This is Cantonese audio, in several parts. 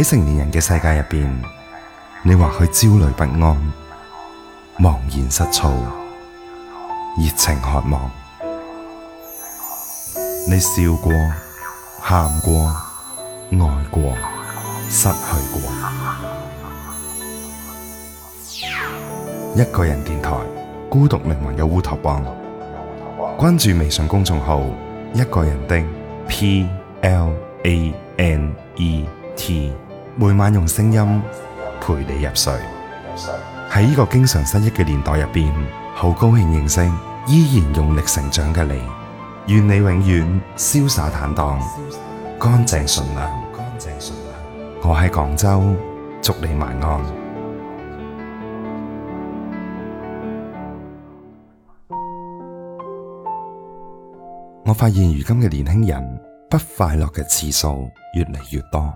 喺成年人嘅世界入邊，你或許焦慮不安、茫然失措、熱情渴望。你笑過、喊過、愛過、失去過。一個人電台，孤獨靈魂嘅烏托邦。關注微信公眾號“一個人的 P L A N E T”。每晚用聲音陪你入睡。喺呢個經常失憶嘅年代入邊，好高興認識依然用力成長嘅你。願你永遠瀟灑坦蕩，乾淨純良。我喺廣州，祝你晚安。 我發現如今嘅年輕人不快樂嘅次數越嚟越多。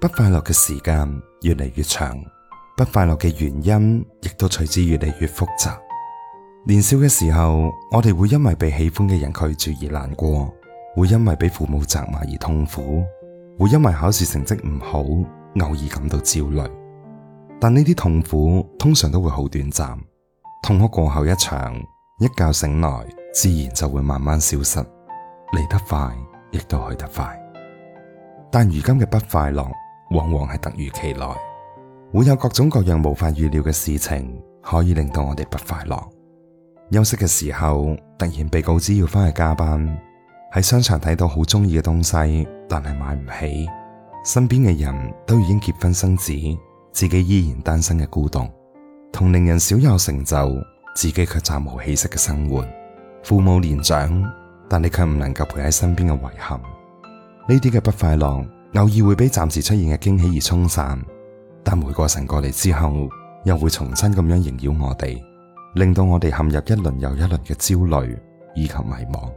不快樂嘅時間越嚟越長，不快樂嘅原因亦都隨之越嚟越複雜。年少嘅時候，我哋會因為被喜歡嘅人拒絕而難過，會因為被父母責罵而痛苦，會因為考試成績唔好，偶爾感到焦慮。但呢啲痛苦通常都會好短暫，痛哭過後一場，一覺醒來，自然就會慢慢消失，嚟得快，亦都去得快。但如今嘅不快樂。往往係突如其來，會有各種各樣無法預料嘅事情，可以令到我哋不快樂。休息嘅時候，突然被告知要返去加班；喺商場睇到好中意嘅東西，但係買唔起；身邊嘅人都已經結婚生子，自己依然單身嘅孤獨；同齡人少有成就，自己卻暫無起色嘅生活；父母年長，但你卻唔能夠陪喺身邊嘅遺憾。呢啲嘅不快樂。偶爾會俾暫時出現嘅驚喜而沖散，但回過神過嚟之後，又會重新咁樣縈繞我哋，令到我哋陷入一輪又一輪嘅焦慮以及迷茫。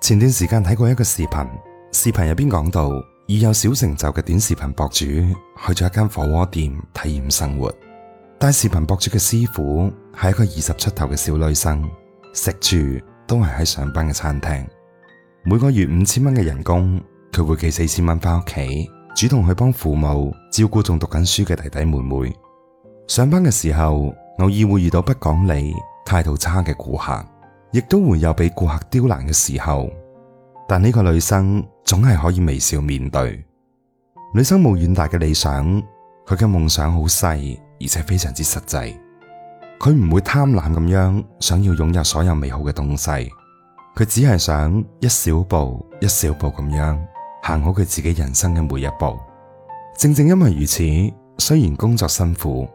前段時間睇過一個視頻，視頻入邊講到，已有小成就嘅短視頻博主去咗一間火鍋店體驗生活。短視頻博主嘅師傅係一個二十出頭嘅小女生，食住都係喺上班嘅餐廳，每個月五千蚊嘅人工。佢會寄四千蚊返屋企，主動去幫父母照顧仲讀緊書嘅弟弟妹妹。上班嘅時候，偶爾會遇到不講理、態度差嘅顧客，亦都會有俾顧客刁難嘅時候。但呢個女生總係可以微笑面對。女生冇遠大嘅理想，佢嘅夢想好細，而且非常之實際。佢唔會貪婪咁樣想要擁有所有美好嘅東西，佢只係想一小步一小步咁樣行好佢自己人生嘅每一步，正正因為如此，雖然工作辛苦，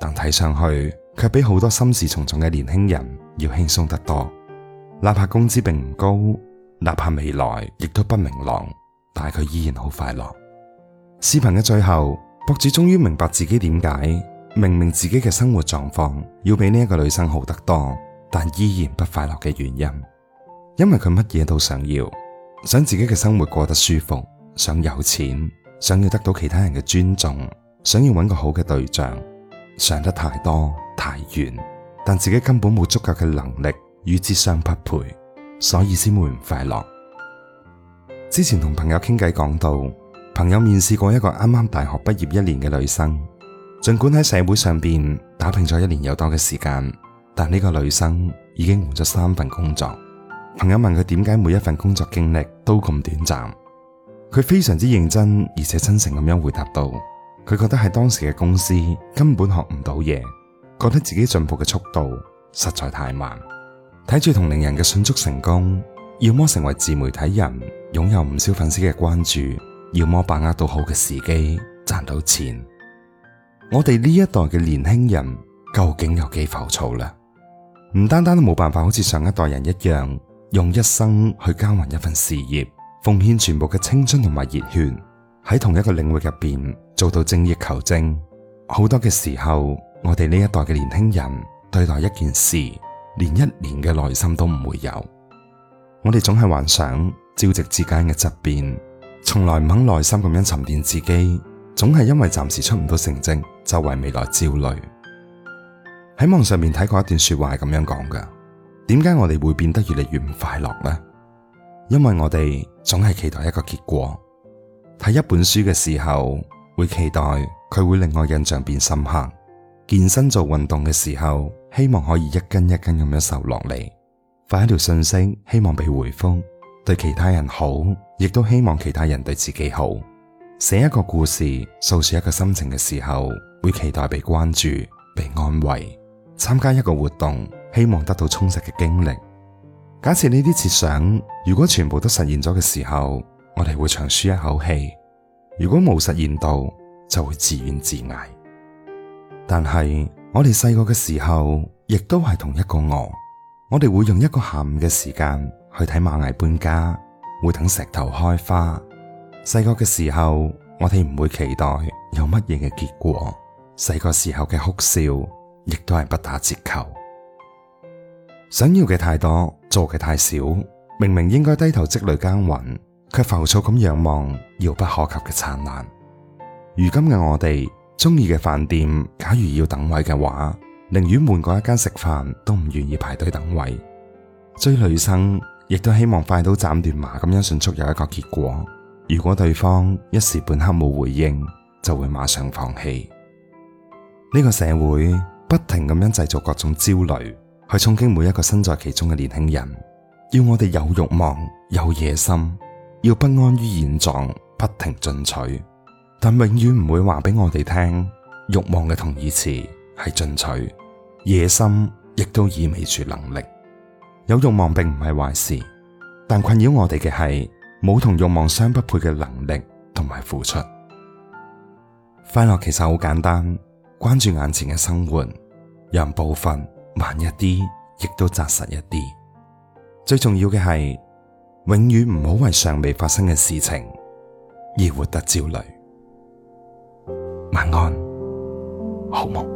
但睇上去卻比好多心事重重嘅年輕人要輕鬆得多。哪怕工資並唔高，哪怕未來亦都不明朗，但係佢依然好快樂。視頻嘅最後，博主終於明白自己點解明明自己嘅生活狀況要比呢一個女生好得多，但依然不快樂嘅原因，因為佢乜嘢都想要。想自己嘅生活過得舒服，想有錢，想要得到其他人嘅尊重，想要揾個好嘅對象，想得太多太遠，但自己根本冇足夠嘅能力與之相匹配，所以先會唔快樂。之前同朋友傾偈講到，朋友面試過一個啱啱大學畢業一年嘅女生，盡管喺社會上邊打拼咗一年有多嘅時間，但呢個女生已經換咗三份工作。朋友問佢點解每一份工作經歷都咁短暫，佢非常之認真而且真誠咁樣回答到，佢覺得喺當時嘅公司根本學唔到嘢，覺得自己進步嘅速度實在太慢。睇住同齡人嘅迅速成功，要麼成為自媒體人，擁有唔少粉絲嘅關注，要麼把握到好嘅時機賺到錢。我哋呢一代嘅年輕人究竟有幾浮躁啦？唔單單都冇辦法好似上一代人一樣。用一生去交換一份事業，奉獻全部嘅青春同埋熱血，喺同一個領域入邊做到精益求精。好多嘅時候，我哋呢一代嘅年輕人對待一件事，連一年嘅耐心都唔會有。我哋總係幻想朝夕之間嘅質變，從來唔肯耐心咁樣沉澱自己，總係因為暫時出唔到成績，就為未來焦慮。喺網上面睇過一段話說話係咁樣講嘅。點解我哋會變得越嚟越唔快樂呢？因為我哋總係期待一個結果。睇一本書嘅時候，會期待佢會令我印象變深刻；健身做運動嘅時候，希望可以一斤一斤咁樣瘦落嚟；發一條訊息，希望被回復；對其他人好，亦都希望其他人對自己好；寫一個故事，訴說一個心情嘅時候，會期待被關注、被安慰；參加一個活動。希望得到充實嘅經歷。假設呢啲設想如果全部都實現咗嘅時候，我哋會長舒一口氣；如果冇實現到，就會自怨自艾。但係我哋細個嘅時候，亦都係同一個我。我哋會用一個下午嘅時間去睇螞蟻搬家，會等石頭開花。細個嘅時候，我哋唔會期待有乜嘢嘅結果。細個時候嘅哭笑，亦都係不打折扣。想要嘅太多，做嘅太少。明明應該低頭積累耕耘，卻浮躁咁仰望遙不可及嘅燦爛。如今嘅我哋，中意嘅飯店，假如要等位嘅話，寧願換過一間食飯，都唔願意排隊等位。追女生亦都希望快刀斬斷麻咁樣，迅速有一個結果。如果對方一時半刻冇回應，就會馬上放棄。呢個社會不停咁樣製造各種焦慮。去衝擊每一個身在其中嘅年輕人，要我哋有欲望、有野心，要不安於現狀，不停進取，但永遠唔會話俾我哋聽，欲望嘅同義詞係進取，野心亦都意味住能力。有欲望並唔係壞事，但困擾我哋嘅係冇同欲望相匹配嘅能力同埋付出。快樂其實好簡單，關注眼前嘅生活，讓部分。慢一啲，亦都紮實一啲。最重要嘅係，永遠唔好為尚未發生嘅事情而活得焦慮。晚安，好夢。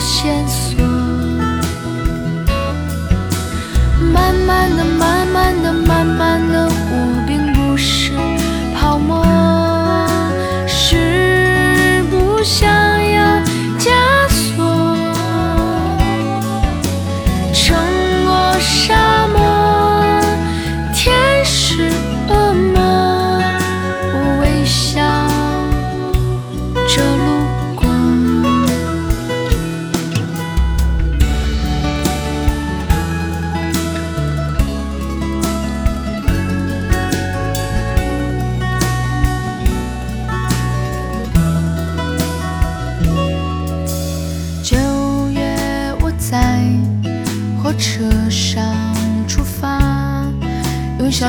線索。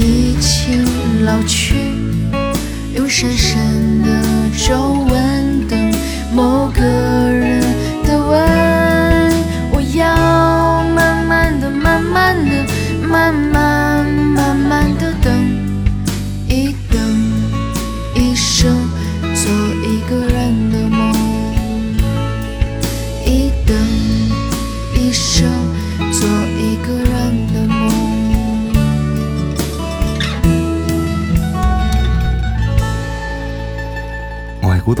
已經老去，用深深的皺紋。